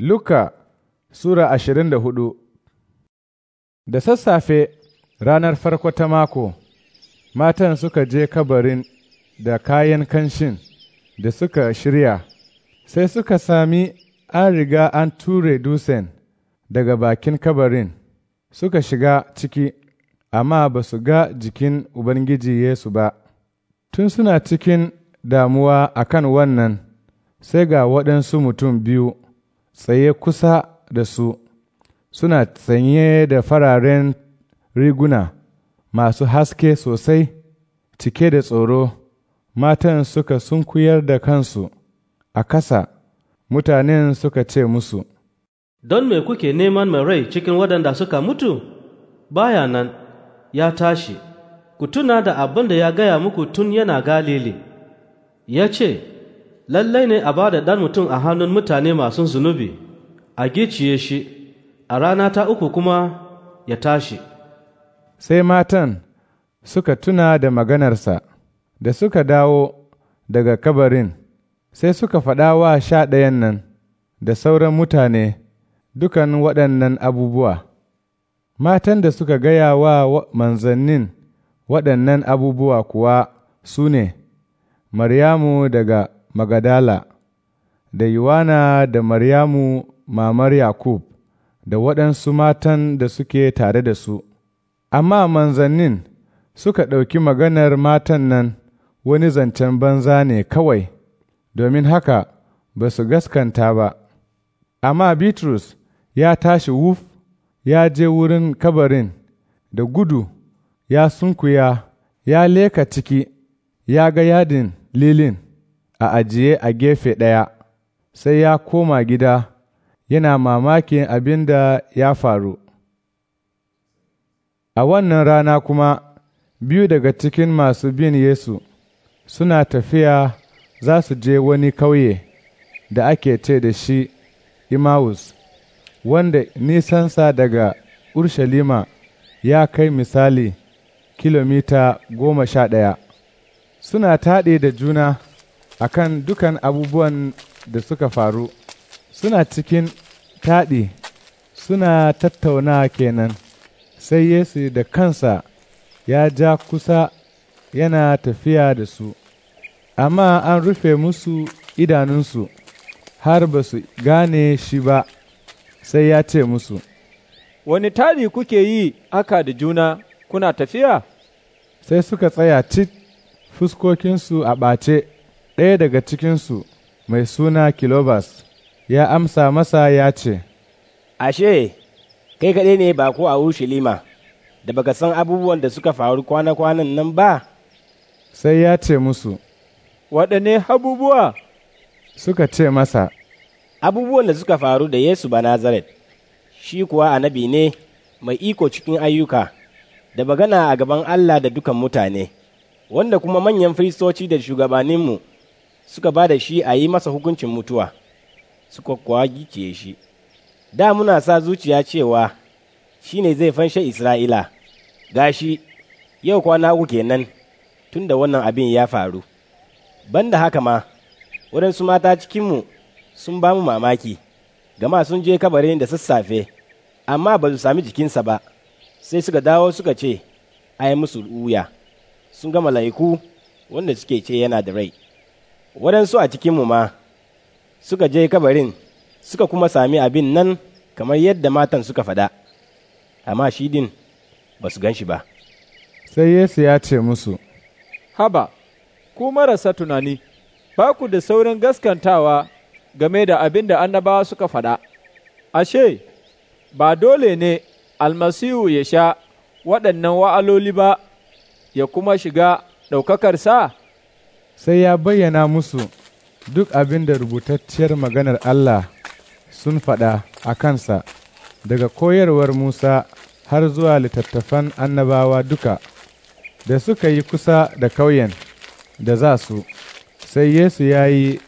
Luka Sura ashirin da hudu Da sassafe ranar farko ta mako, matan suka je kabarin da kayan kanshin da suka shirya, sai suka sami an riga an ture dusen daga bakin kabarin, suka shiga ciki, amma ba su ga jikin Ubangiji Yesu ba. Tun suna cikin damuwa akan wannan, sai ga waɗansu mutum biyu. tsaye kusa da su, suna sanye da fararen riguna masu haske sosai, cike da tsoro, matan suka sunkuyar da kansu a kasa, mutanen suka ce musu, Don me kuke neman mai rai cikin waɗanda suka mutu? Baya nan, ya tashi, ku tuna da abin da ya gaya muku tun yana galili, ya ce, lallai ne a ba da ɗan mutum a hannun mutane masu zunubi a giciye shi a rana ta uku kuma ya tashi sai matan suka tuna da maganarsa da suka dawo daga kabarin sai suka faɗa wa sha ɗayan nan da sauran mutane dukan waɗannan abubuwa matan da suka gaya wa manzannin waɗannan abubuwa kuwa su ne maryamu daga Magadala, da Yuwana da Maryamu mamar Yakub, da waɗansu matan da suke tare da su. Amma manzannin suka ɗauki maganar matan nan wani zancen banza ne kawai, domin haka ba su gaskanta ba. Amma Bitrus ya tashi wuf ya je wurin kabarin da gudu ya sunkuya ya leka ciki ya ga yadin lilin. a ajiye a gefe ɗaya, sai ya koma gida yana mamakin abin da ya faru. A wannan rana kuma, biyu daga cikin masu bin Yesu suna tafiya za su je wani kauye da ake ce da shi Imawus, wanda nisansa daga Urshalima ya kai misali kilomita goma sha ɗaya. Suna taɗe da juna. a kan dukan abubuwan da suka faru suna cikin taɗi suna tattauna kenan sai Yesu da kansa ya ja kusa yana tafiya da su amma an rufe musu idanunsu har ba su gane shi ba sai ya ce musu wani taɗi kuke yi aka da juna kuna tafiya sai suka tsaya cik fuskokinsu a ɓace ɗaya daga cikinsu mai suna Kilobas ya amsa masa ya ce, Ashe, kai kaɗai ne ba ko a Urushalima, da baka san abubuwan da suka faru kwana-kwanan nan ba? Sai ya ce musu, Waɗanne abubuwa? Suka ce masa, Abubuwan da suka faru da Yesu ba Nazaret, shi kuwa annabi ne mai iko cikin ayyuka, da magana a gaban Allah da dukan mutane, wanda kuma manyan firistoci da shugabaninmu. suka ba da shi a yi masa hukuncin mutuwa suka kuwa shi da muna sa zuciya cewa shi ne zai fanshe isra'ila gashi yau kwana uku kenan tun da wannan abin ya faru banda haka ma waɗansu mata cikinmu sun ba mu mamaki gama sun je kabarin da sassafe amma ba su sami jikinsa ba sai suka dawo suka ce a yi musu wuya sun gama laiku wanda suke ce yana da rai waɗansu a cikinmu ma suka je kabarin suka kuma sami abin nan kamar yadda matan suka faɗa, amma shi din ba su gan shi ba. Sai Yesu ya ce musu, Haba, ku marasa tunani, ba ku da saurin gaskantawa game da abin da annabawa suka faɗa, ashe, ba dole ne almasihu ya sha waɗannan wa'aloli ba, ya kuma shiga ɗaukakarsa? sai ya bayyana musu duk abin da rubutacciyar maganar Allah sun faɗa a kansa daga koyarwar Musa har zuwa littattafan annabawa duka da suka yi kusa da kauyen da za su sai Yesu ya yi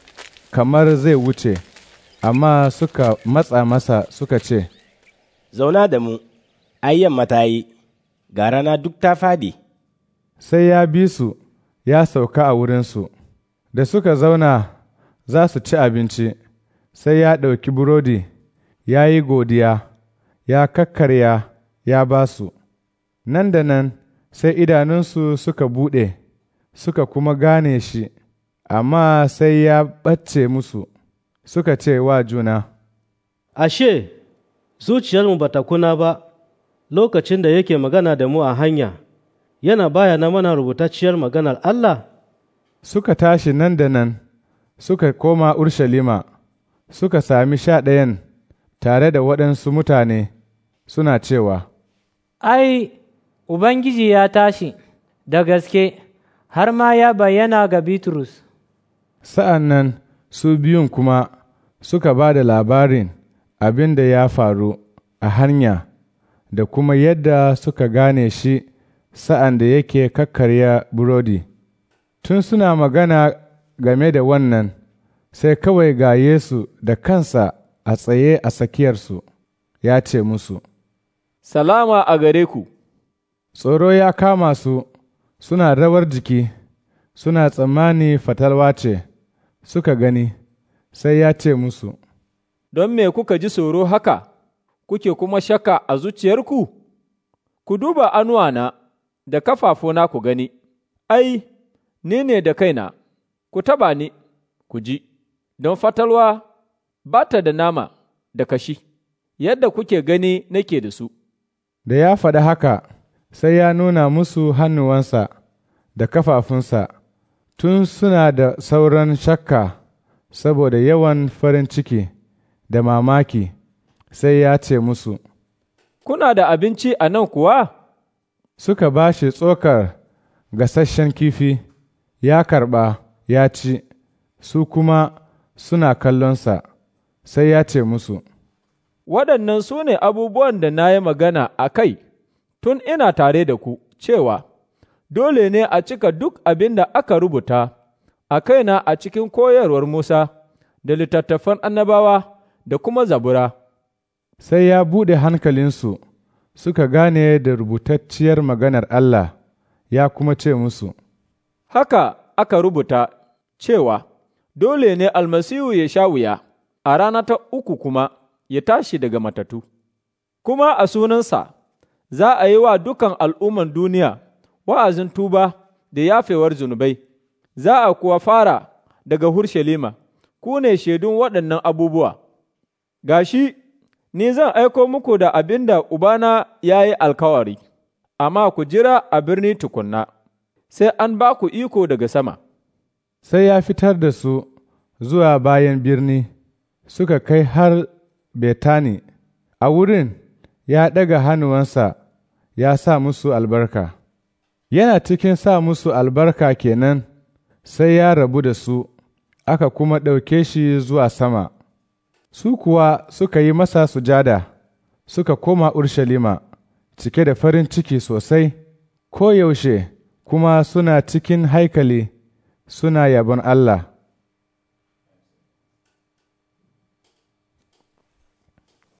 kamar zai wuce amma suka matsa masa suka ce zauna da mu ayyan matayi ga rana duk ta fadi sai ya bi su ya sauka a wurinsu, da suka zauna za su ci abinci, sai ya ɗauki burodi, ya yi godiya, ya kakkarya, ya ba su. Nan da nan sai idanunsu suka buɗe, suka kuma gane shi, amma sai ya ɓace musu, suka ce wa juna, Ashe, zuciyarmu ba ta kuna ba lokacin da yake magana da mu a hanya. yana bayana mana rubutacciyar maganar Allah? Suka tashi nan da nan, suka koma Urshalima, suka sami sha ɗayan tare da waɗansu mutane suna cewa, Ai, Ubangiji ya tashi da gaske, har ma ya bayyana ga Bitrus. Sa'an nan su biyun kuma suka ba da labarin abin da ya faru a hanya da kuma yadda suka gane shi. sa'an da yake kakkarya burodi. Tun suna magana game da wannan, sai kawai ga Yesu da kansa a tsaye a tsakiyarsu, ya ce musu, Salama a gare ku! Tsoro ya kama su, suna rawar jiki, suna tsammani fatalwa ce, suka gani, sai ya ce musu, Don me kuka ji tsoro haka, kuke kuma shaka a zuciyarku? Ku duba anuwana. da kafafuna ku gani, ai, ni ne da kaina, ku taba ni, ku ji, don fatalwa ba ta da nama da kashi, yadda kuke gani nake da su. Da ya faɗi haka, sai ya nuna musu hannuwansa da kafafunsa, tun suna da sauran shakka saboda yawan farin ciki da mamaki, sai ya ce musu, Kuna da abinci a nan kuwa? suka ba shi tsokar gasasshen kifi, ya karɓa ya ci, su kuma suna kallonsa, sai ya ce musu, Waɗannan su ne abubuwan da na yi magana a kai tun ina tare da ku cewa, Dole ne a cika duk abin da aka rubuta a kaina a cikin koyarwar Musa da littattafan annabawa da kuma zabura. Sai ya buɗe hankalinsu. suka gane da rubutacciyar maganar Allah ya kuma ce musu, Haka aka rubuta cewa dole ne almasihu ya sha wuya, a rana ta uku kuma ya tashi daga matatu, kuma a sunansa za a yi wa dukan al'umman duniya wa'azin tuba da yafewar zunubai, za a kuwa fara daga lima, ku ne shaidun waɗannan abubuwa. Gashi ni zan aiko muku da abin da Ubana ya yi alkawari, amma ku jira a birni tukunna, sai an ba ku iko daga sama. Sai ya fitar da su zuwa bayan birni, suka kai har Betani, a wurin ya ɗaga hannuwansa ya sa musu albarka. Yana cikin sa musu albarka kenan sai ya rabu da su, aka kuma ɗauke shi zuwa sama. su kuwa suka yi masa sujada, suka koma Urshalima cike da farin ciki sosai, ko yaushe kuma suna cikin haikali suna yabon Allah.